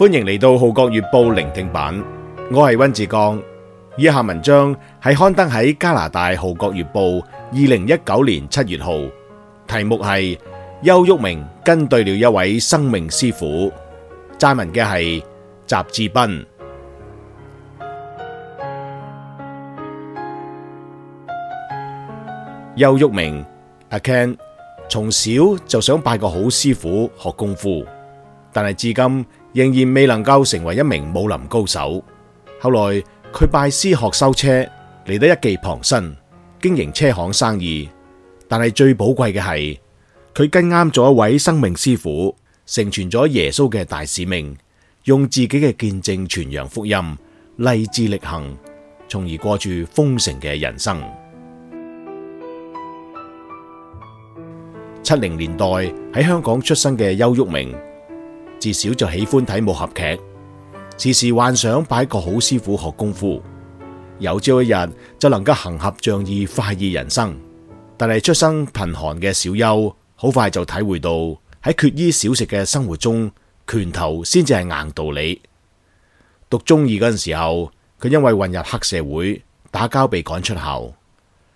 歡迎嚟到《浩國月報》聆聽版，我係溫志剛。以下文章係刊登喺加拿大《浩國月報》二零一九年七月號，題目係邱郁明跟對了一位生命師傅。撰文嘅係習志斌。邱郁明阿 Ken 從小就想拜個好師傅學功夫，但係至今。仍然未能夠成為一名武林高手。後來佢拜師學修車，嚟得一技傍身，經營車行生意。但係最寶貴嘅係，佢跟啱咗一位生命師傅，承傳咗耶穌嘅大使命，用自己嘅見證傳揚福音，勵志力行，從而過住豐盛嘅人生。七零年代喺香港出生嘅邱郁明。至少就喜歡睇武俠劇，時時幻想擺個好師傅學功夫，有朝一日就能夠行俠仗義，快意人生。但係出生貧寒嘅小邱，好快就體會到喺缺衣少食嘅生活中，拳頭先至係硬道理。讀中二嗰陣時候，佢因為混入黑社會打交被趕出校。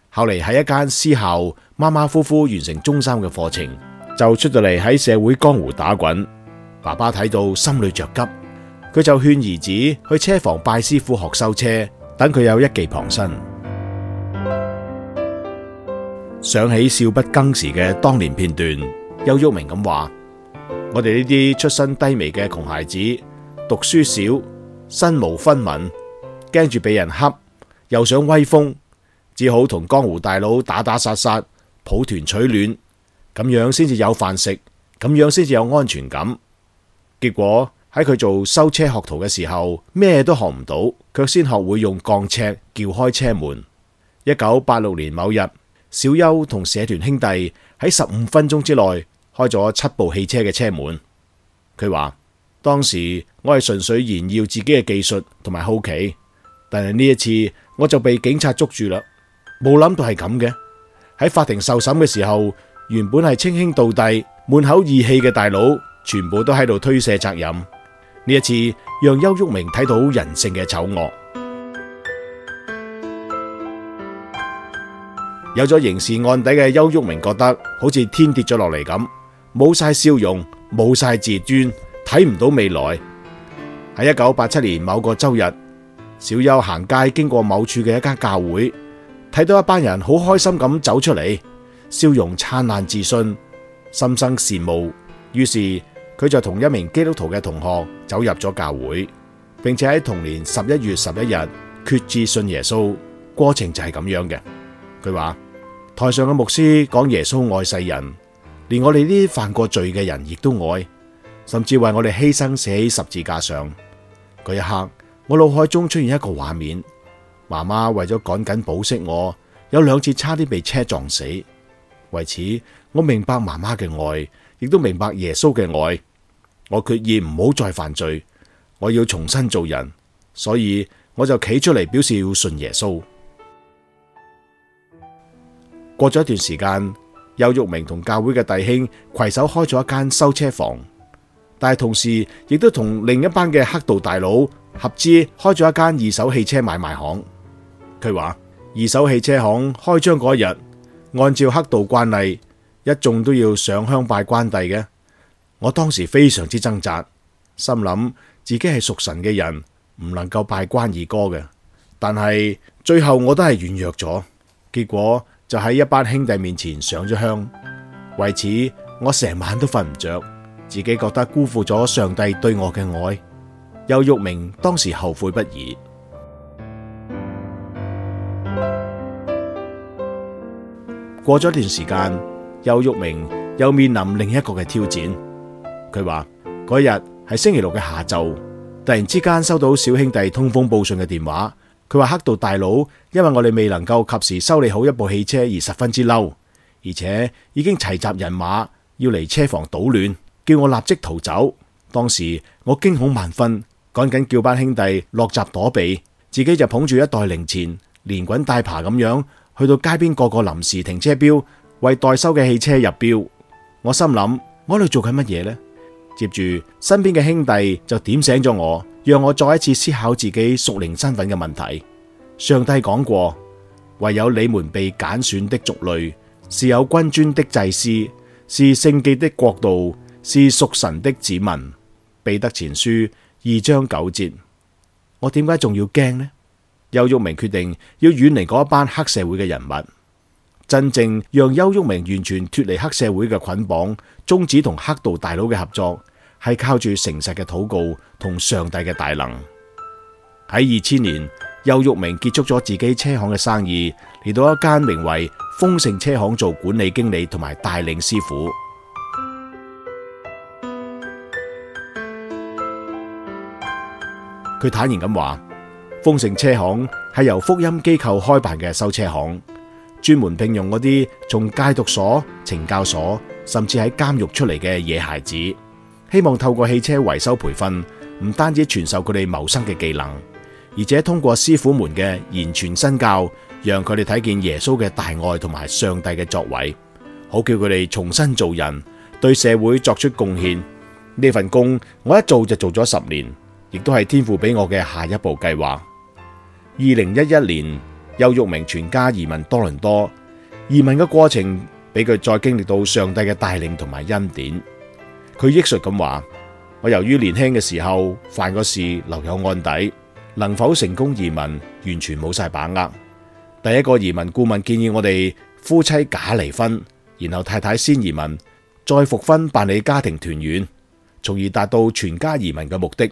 後嚟喺一間私校馬馬虎虎完成中三嘅課程，就出到嚟喺社會江湖打滾。爸爸睇到心裏着急，佢就勸兒子去車房拜師傅學修車，等佢有一技傍身。想 起少不更時嘅當年片段，邱郁明咁話：我哋呢啲出身低微嘅窮孩子，讀書少，身無分文，驚住俾人恰，又想威風，只好同江湖大佬打打殺殺，抱團取暖，咁樣先至有飯食，咁樣先至有安全感。結果喺佢做修車學徒嘅時候，咩都學唔到，卻先學會用鋼尺撬開車門。一九八六年某日，小邱同社團兄弟喺十五分鐘之內開咗七部汽車嘅車門。佢話：當時我係純粹炫耀自己嘅技術同埋好奇，但係呢一次我就被警察捉住啦。冇諗到係咁嘅。喺法庭受審嘅時候，原本係稱兄道弟、滿口義氣嘅大佬全部都喺度推卸責任，呢一次讓邱郁明睇到人性嘅醜惡。 有咗刑事案底嘅邱郁明覺得好似天跌咗落嚟咁，冇晒笑容，冇晒自尊，睇唔到未來。喺一九八七年某個周日，小邱行街經過某處嘅一間教會，睇到一班人好開心咁走出嚟，笑容燦爛自信，心生羨慕，於是，佢就同一名基督徒嘅同學走入咗教會，並且喺同年十一月十一日決志信耶穌，過程就係咁樣嘅。佢話，台上嘅牧師講耶穌愛世人，連我哋呢啲犯過罪嘅人亦都愛，甚至為我哋犧牲死喺十字架上。嗰一刻，我腦海中出現一個畫面：媽媽為咗趕緊保釋我，有兩次差啲被車撞死。為此，我明白媽媽嘅愛。亦都明白耶穌嘅愛，我決意唔好再犯罪，我要重新做人，所以我就企出嚟表示要信耶穌。過咗一段時間，邱郁明同教會嘅弟兄携手開咗一間修車房，但係同時亦都同另一班嘅黑道大佬合資開咗一間二手汽車買賣行。佢話，二手汽車行開張嗰日，按照黑道慣例。一眾都要上香拜關帝嘅，我當時非常之掙扎，心諗自己係屬神嘅人，唔能夠拜關二哥嘅。但係最後我都係軟弱咗，結果就喺一班兄弟面前上咗香。為此，我成晚都瞓唔着，自己覺得辜負咗上帝對我嘅愛，又郁明當時後悔不已。過咗一段時間。邱郁明又面臨另一個嘅挑戰。佢話嗰日係星期六嘅下晝，突然之間收到小兄弟通風報信嘅電話。佢話黑道大佬因為我哋未能夠及時修理好一部汽車而十分之嬲，而且已經齊集人馬要嚟車房搗亂，叫我立即逃走。當時我驚恐萬分，趕緊叫班兄弟落閘躲避，自己就捧住一袋零錢，連滾帶爬咁樣去到街邊個，個個臨時停車標為代收嘅汽車入標，我心諗，我喺度做緊乜嘢呢？接住身邊嘅兄弟就點醒咗我，讓我再一次思考自己屬靈身份嘅問題。上帝講過，唯有你們被揀選的族類是有君尊的祭司，是聖潔的國度，是屬神的子民，彼得前書二章九節。我點解仲要驚呢？邱郁明決定要遠離嗰一班黑社會嘅人物。真正讓邱郁明完全脫離黑社會嘅捆綁，終止同黑道大佬嘅合作，係靠住誠實嘅禱告同上帝嘅大能。喺二千年，邱郁明結束咗自己車行嘅生意，嚟到一間名為豐盛車行做管理經理同埋帶領師傅。佢坦然咁話：豐盛車行係由福音機構開辦嘅修車行。專門聘用嗰啲從戒毒所、懲教所，甚至喺監獄出嚟嘅野孩子，希望透過汽車維修培訓，唔單止傳授佢哋謀生嘅技能，而且通過師傅們嘅言傳身教，讓佢哋睇見耶穌嘅大愛同埋上帝嘅作為，好叫佢哋重新做人，對社會作出貢獻。呢份工我一做就做咗十年，亦都係天父俾我嘅下一步計劃。二零一一年。邱郁明全家移民多倫多，移民嘅過程俾佢再經歷到上帝嘅帶領同埋恩典。佢憶述咁話：我由於年輕嘅時候犯過事留有案底，能否成功移民完全冇晒把握。第一個移民顧問建議我哋夫妻假離婚，然後太太先移民，再復婚辦理家庭團圓，從而達到全家移民嘅目的。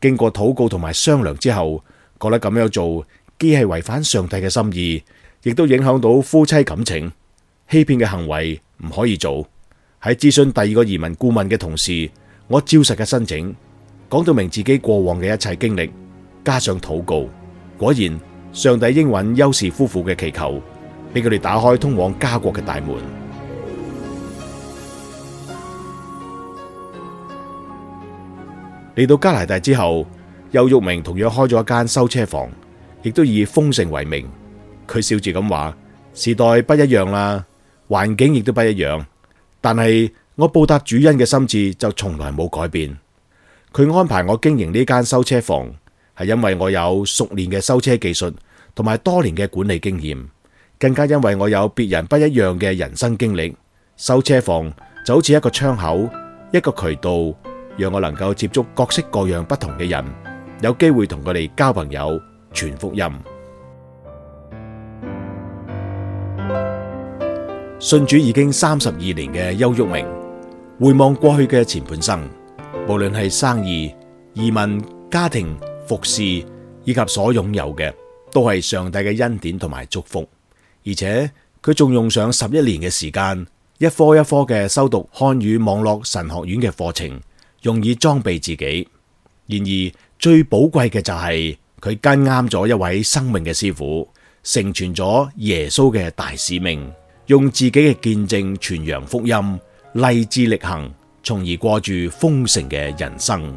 經過禱告同埋商量之後，覺得咁樣做。既係違反上帝嘅心意，亦都影響到夫妻感情，欺騙嘅行為唔可以做。喺諮詢第二個移民顧問嘅同時，我照實嘅申請，講到明自己過往嘅一切經歷，加上禱告，果然上帝應允邱氏夫婦嘅祈求，俾佢哋打開通往家國嘅大門。嚟到加拿大之後，邱郁明同樣開咗一間修車房，亦都以豐盛為名，佢笑住咁話：時代不一樣啦，環境亦都不一樣，但係我報答主恩嘅心志就從來冇改變。佢安排我經營呢間修車房，係因為我有熟練嘅修車技術，同埋多年嘅管理經驗，更加因為我有別人不一樣嘅人生經歷。修車房就好似一個窗口，一個渠道，讓我能夠接觸各式各樣不同嘅人，有機會同佢哋交朋友。全福音，信主已經三十二年嘅邱郁明，回望過去嘅前半生，無論係生意、移民、家庭、服侍以及所擁有嘅，都係上帝嘅恩典同埋祝福。而且佢仲用上十一年嘅時間，一科一科嘅修讀漢語網絡神學院嘅課程，用以裝備自己。然而最寶貴嘅就係、是。佢跟啱咗一位生命嘅師傅，承傳咗耶穌嘅大使命，用自己嘅見證傳揚福音，勵志力行，從而過住豐盛嘅人生。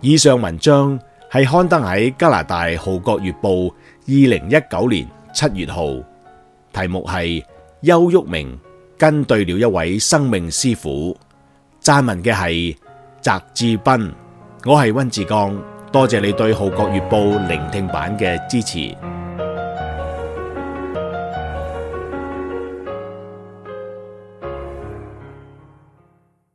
以上文章係刊登喺加拿大《號角月報》二零一九年七月號。題目係邱郁明跟對了一位生命師傅，撰文嘅係翟志斌，我係溫志剛，多謝你對《號角月報》聆聽版嘅支持。